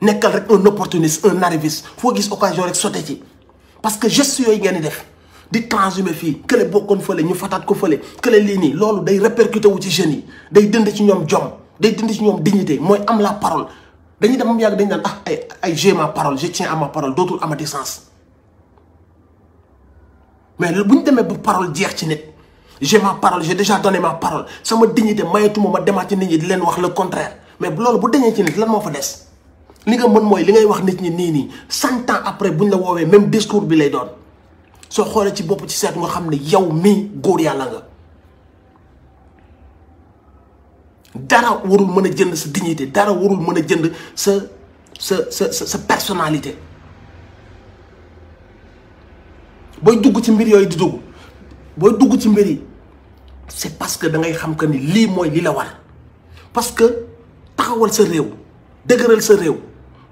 nekkal rek un opportuniste un arriviste foo gis occasion rek sauté ci parce que gestes yooyu ngeen di def di transhumer fii kële bokkoon fële ñu fataat ko fële kële lii nii loolu day répercuté wu ci jeunes yi day dënd ci ñoom jom day dënd ci ñoom dignité mooy am la parole dañuy dem am yàgg dañu naan ah ay ay j'ai ma parole je tiens à ma parole dootul amati sens mais bu ñu demee ba parole jeex ci nit j'ai ma parole j'ai déjà donné ma parole sama dignité mayetuma ma demaat ci nit ñi di leen wax le contraire mais loolu bu dañee ci nit lan moo fa des li nga mën mooy li ngay wax nit ñi nii nii cent ans après bu ñu la woowee même discours bi lay doon soo xoolee ci bopp ci seet nga xam ne yow mii góor yàlla nga. dara warul mën a jënd sa dignité dara warul mën a jënd sa sa sa sa personnalité booy dugg ci mbir yooyu di dugg booy dugg ci mbir yi c'est parce que da ngay xam que ni lii mooy li la war parce que taxawal sa réew dëgëral sa réew.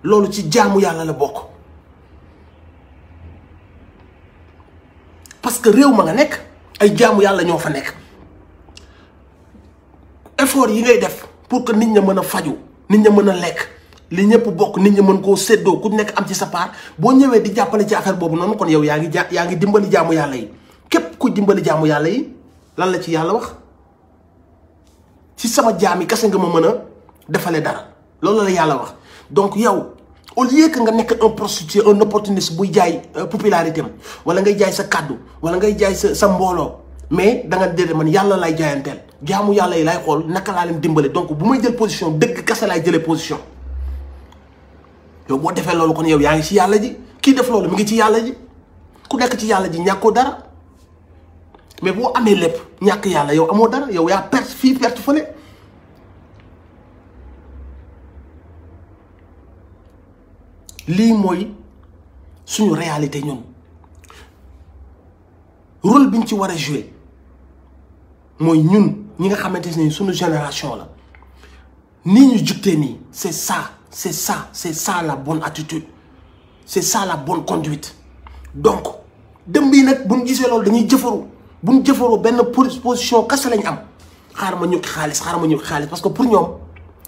loolu ci jaamu yàlla la bokk parce que réew ma nga nekk ay jaamu yàlla ñoo fa nekk effort yi ngay def pour que nit ña mën a faju nit ña mën a lekk li ñëpp bokk nit ña mën koo séddoo ku nekk am ci sa part boo ñëwee di jàppale ci affaire boobu noonu kon yow yaa ngi ja yaa ngi dimbali jaamu yàlla yi képp ku dimbali jaamu yàlla yi lan la ci yàlla wax ci sama jaam yi kese nga ma mën a defale dara loolu la yàlla wax. donc yow au lieu que nga un prostitué un opportuniste pour la euh, popularité vous avez un cadeau vous avez wala sa mbolo, mais da nga un man avez lay un Vous avez yi un Vous naka laa leen Vous donc bu may Vous position dëgg kese Vous avez position yow vous avez loolu kon yow avez ngi ci Vous ji a def ça, avez un ci Vous ji un ci mais vous Vous avez un yow vous dara yow perte lii mooy suñu réalité ñun rôle bi ñu ci war a jouer mooy ñun ñi nga xamante suñu génération la Ni ñu jugtee nii c'est ça c'est ça c'est ça la bonne attitude c'est ça la bonne conduite donc dem bii nag bu ñu gisee loolu dañuy jëfaru bu ñu jëfaroo position kese lañ am xaar ma ñu xaalis xaar ma ñu xaalis parce que pour ñoom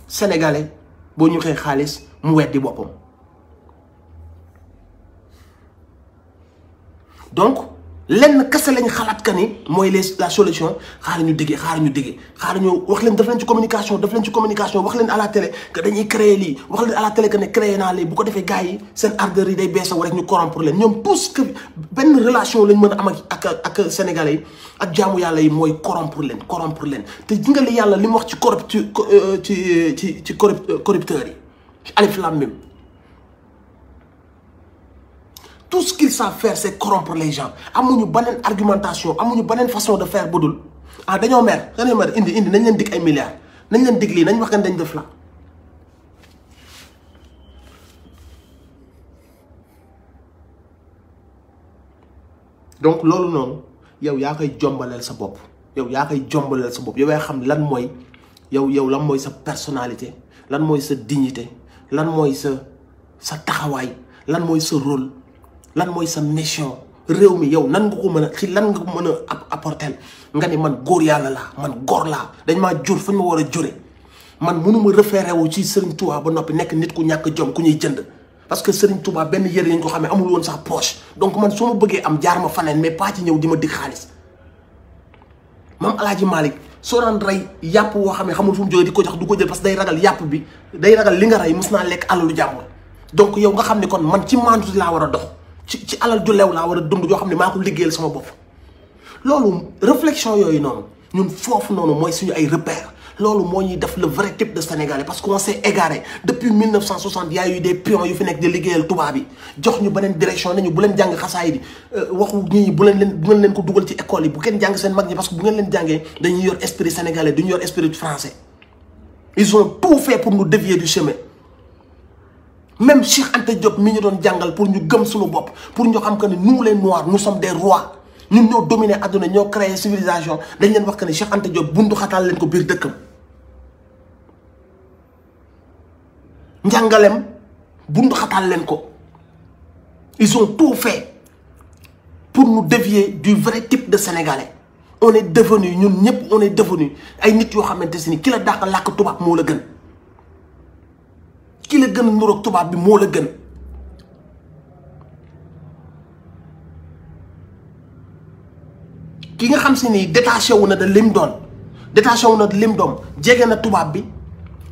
sénégalais boo ñu xee xaalis mu weddi boppam. donc lenn qui que la solution nous ñu déggee xaaral ñu déggee nous ñu wax leen communication leen communication à la télé que dañuy créer li, wax à la télé que créé na li, bu ko yi day corrompre leen tous que relation lañ mën am sénégalais yi ak jaamu corrompre leen corrompre leen que euh, corrupteur yi alif la tout ce qu'ils savent faire c'est corrompre les gens une bonne argumentation une bonne façon de faire budul ah dañoo mer dañoo mer indi indi nous dig ay milliards dig wax ne dañ def la donc loolu noonu yow yaa koy jombaleel sa bopp yow Y sa yow xam lan moy, yow yow lan moy sa personnalité lan moy sa dignité lan moy sa sa lan moy sa rôle lan mooy sa mission réew mi yow nan nga ko mën a ci lan nga ko mën a apporter nga ni man góor yàlla laa man góor laa dañ maa jur fu ñu ma war a jure man mënu ma référé wu ci Serigne Touba ba noppi nekk nit ku ñàkk jom ku ñuy jënd parce que Serigne Touba benn yére yi ñu ko xamee amul woon sax poche donc man soo ma am jaar ma faneen mais pas ci ñëw di ma dig xaalis maam El Hadj Malick soo yàpp woo xam ne xamul fu mu jógee di ko ko jël parce que ragal yàpp bi day li nga rey mës naa lekk alalu jàmbur donc yow xam ne kon man ci maandu laa war a dox. ci alal ju lew laa war dund yoo xamni mako maa sama bop lolu réflexion yoy noonu ñun fofu noonu moy suñu ay repère lolu mo ñuy def le vrai type de sénégalais parce qu'on s'est égaré depuis 1960 y a eu des pions yu fi nek de liggéeyal tubaab bi jox ñu benen direction nañu bu len jang xasaay di euh, waxu ñi bu len leen bu ngeen ko duggal ci école yi bu ken jang sen mag ñi parce que bu ngeen leen jangé dañuy yor esprit sénégalais duñu yor esprit français ils ont tout fait pour nous dévier du chemin même Cheikh Ante Diop pour ñu pour que nous les noirs nous sommes des rois nous dominons dominer nous ñoo créer civilisation dañ Cheikh pas Diop leen ils ont tout fait pour nous dévier du vrai type de sénégalais on est devenus on est devenu ki la gën a nuroog tubaab bi moo la gën ki nga xam si nii détaché wu na da lim doon détaché wu na da lim doom jege na tubaab bi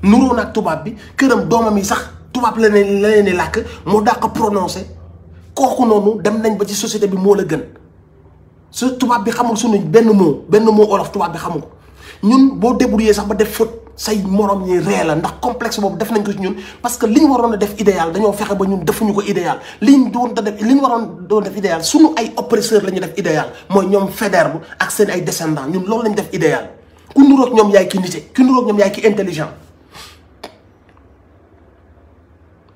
nuroo na tubaab bi këram doomam yi sax tubaab la ne la leen làkk moo dàq prononcé kooku noonu dem nañ ba ci société bi moo la gën su tubaab bi xamul suñu benn mot benn mot olof tubaab bi xamu ko ñun boo débrouillé sax ba def faute say morom ñi réel, la ndax complexe bobu def nañ ko ci ñun parce que li ñu waroon a def idéal dañoo fexe ba ñun defuñu ko idéal li ñu doon def li ñu waroon doon def idéal suñu ay oppresseur lañu def idéal mooy ñoom bu ak seen ay descendants ñun loolu lañ def idéal ku nuroog ñoom yaay ki nite ku nuroog ñoom yaay ki intelligent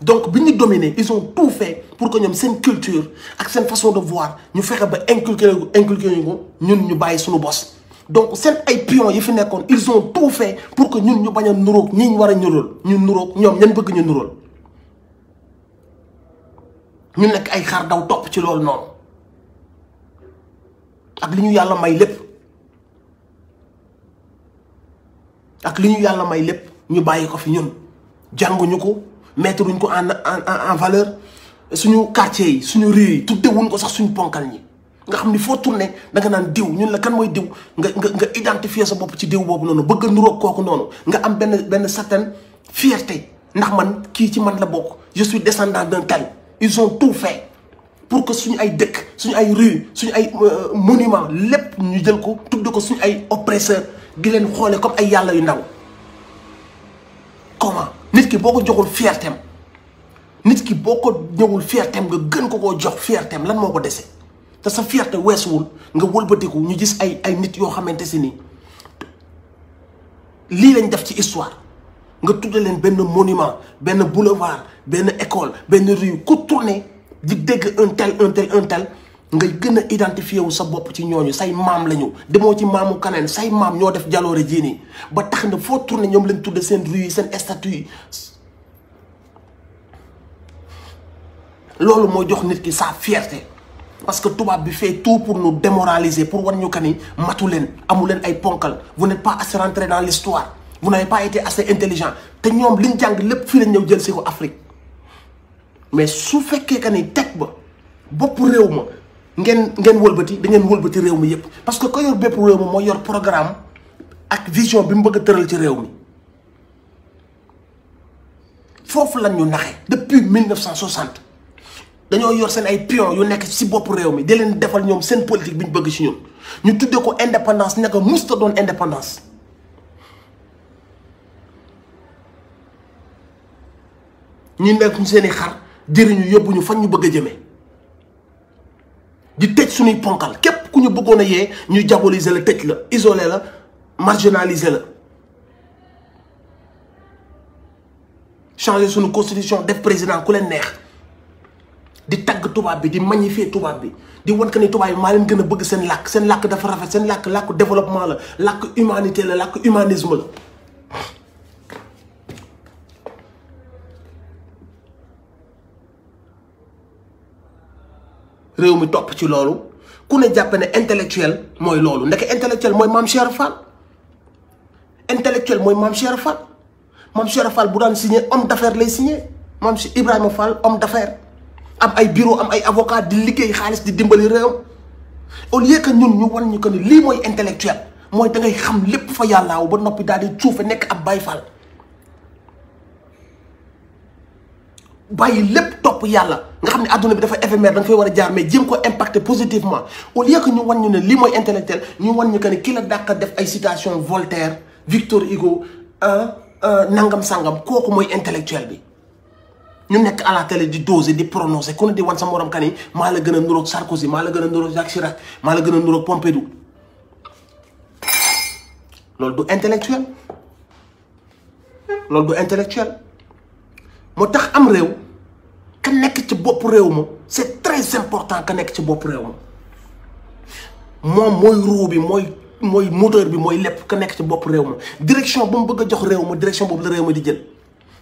donc bi ñu dominé ils ont tout fait pour que ñoom seen culture ak seen façon de voir ñu fexe ba inculquer inculquer ñu ko ñun ñu bàyyi suñu boss donc ces pions ils ont tout fait pour que ñun nous n'urok, Nous nous ñu nous ñu nous ñan Nous ñu nous ñu nek ay xar daw top ci Nous non ak liñu yalla may nous ak liñu yalla may lepp ñu Nous fi ñun mettre en valeur suñu quartier yi suñu rue yi ko sax suñu ponkal ñi nga xamni ni foo da nga naan diw ñun la kan moy diw nga nga identifier sa bop ci diw bobu nonu bëgg a nuroog kooku noonu nga am ben ben certaine fierté ndax man ki ci man la bok je suis descendant d'un tel ils ont tout fait pour que suñu ay dëkk suñu ay rue suñu ay euh, monument lepp ñu jël ko tudd ko suñu ay oppresseur di leen xoole comme ay yalla yu ndaw comment nit ki boko joxul fiertem nit ki boko ko ñëwul nga gën ko ko jox fiertem lan moko déssé te sa fierté weesuwul nga wëlbatiku ñu gis ay ay nit yoo xamante si nii lii lañ def ci histoire nga tudde leen benn monument benn boulevard benn école benn rue ku tourné di dégg un tel un tel nga gën a identifié wu sa bopp ci ñooñu say maam lañu demoo ci maamu kaneen say maam ñoo def jaloore jii nii ba tax na foo tourné ñoom lañ tudd seen rue yi seen statue loolu moo jox nit ki sa fierte parce que tubaab bi fait tout pour nous démoraliser pour wan ñu que ni matu leen ay ponkal vous n'êtes pas assez rentré dans l'histoire vous n'avez pas été assez intelligent te ñoom liñ jàng lépp fii lañ ñëw jël si Afrique mais su fekkee que ni teg ba bopp réew ma ngeen ngeen wëlbati da ngeen wëlbati réew yépp parce que ko yor bépp réew mi mooy yor programme ak vision bi mu bëgg a tëral ci réew mi foofu lañ ñu naxe depuis 1960 dañoo yor seen ay pion yu nekk si bopp mi defal seen politique bi ñu bëgg ñu ko indépendance Nous musta Nous indépendance. ñu nekk seen xar jëriñu fan ñu bëgg a di tëj suñuy ponkal la marginaliser changer suñu constitution def président ku di tagg tubaab bi di magnifier tubaab bi di wan que ni tubaab bi maa leen gën a bëgg seen làkk seen làkk dafa rafet seen làkk làkk développement la làkk humanité la làkk humanisme la. réew mi topp ci loolu ku ne jàpp ne intellectuel mooy loolu ndeke intellectuel mooy maam Cheikh Fall intellectuel mooy maam Cheikh Fall maam Cheikh Fall bu daan signé homme d'affaires lay signé maam Ibrahima Fall homme d'affaires am ay bureau am ay avocat di liggéey xaalis di dimbali réewam au lieu que ñun ñu wan ñu que ni lii mooy intellectuel mooy dangay xam lépp fa yàllaaw ba noppi daal di suufe nekk ab Baay Faal bàyyi lépp topp yàlla nga xam ne àdduna bi dafa éphémère da nga fay war a jaar mais jéem ko impacter positivement au lieu que ñu wan ñu ne lii mooy intellectuel ñu wan ñu que ne ki la a def ay citation Voltaire Victor Hugo nangam sangam kooku mooy intellectuel bi. Nous sommes à la télé di doser di prononcer prononcés ne di wan sa morom kan yi la gën a Sarkozy de la Jacques Chirac de la du intellectuel l'ordre intellectuel motax am rew ka nek ci c'est très important ka nek ci bop rew mo mom moy moteur bi ka ci direction ba mu jox direction la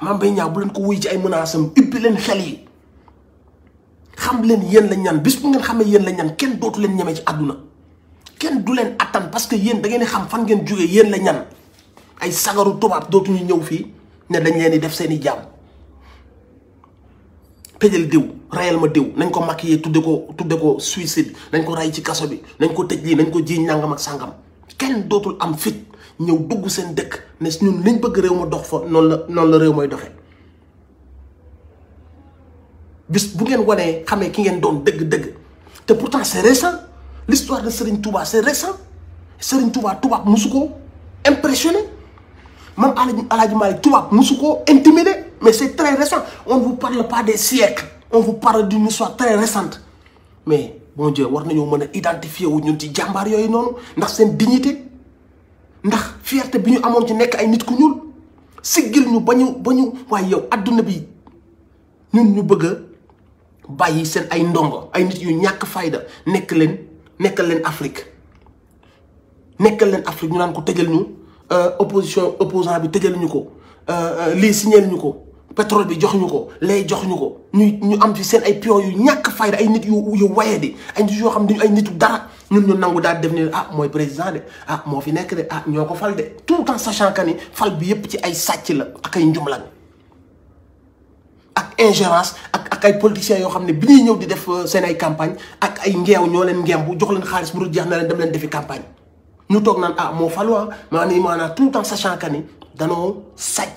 Mame Mbaye Niang bu leen ko wuy ci ay menaces am ubbi leen xel yi xam leen yéen la ñan bis bu ngeen xamee yéen la ñan kenn dootu leen ñeme ci àdduna kenn du leen attan parce que yéen da ngeen xam fan ngeen jógee yéen la ñan ay sagaru tubaab dootuñu ñëw fii ne dañ leen di def seen i jaam tëjal diw rayal ma diw nañ ko maquiller tudde ko tudde ko suicide nañ ko ray ci kaso bi nañ ko tëj lii nañ ko jiiñ nangam ak sàngam kenn dootul am fit ñew dugg seen dëkk ne ñun liñ bëgg réew ma dox fa noonu la noonu la réew mooy doxee bis bu ngeen wanee xamee ki ngeen doon pourtant c'est récent l'histoire de Serigne Touba c'est récent Serigne Touba tubaab musu impressionné même Aladji Malik tubaab musu intimidé mais c'est très récent on ne vous parle pas des siècles on vous parle d'une histoire très récente mais bon Dieu war nañoo mën a identifier wu ñun ci jàmbaar yooyu noonu ndax dignité ndax fierté bi ñu amoon ci nekk ay nit ku ñul siggil ñu bañu bañu ba waaye yow adduna bi ñun ñu bëgg a bàyyi seen ay ndongo ay nit yu ñàkk fayda nekk leen nekkal leen Afrique nekkal leen Afrique ñu naan ko tëjal ñu euh, opposition opposant bi tëjal euh, euh, ñu ko lii signeel ñu ko pétrole bi jox ñu ko lay jox ñu ko ñu ñu am ci seen ay pion yu ñàkk fayda ay nit yu yu waye di ay nit yoo xam ne ay nitu dara ñun ñu nangu daal def ne ah mooy président de ah moo fi nekk de ah, ñoo ko fal de tout en sachant fal bi yépp ci ay sàcc la ak ay njumlan ak ingérence ak ak ay politiciens yoo xam ne ñuy ñëw di def euh, seen ay campagne ak ay ngeew ñoo leen ngeem bu jox leen xaalis bu jeex na leen leen defi campagne ñu toog naan ah moo faluwa ah. maa ni tout en sachant que ni danoo sàcc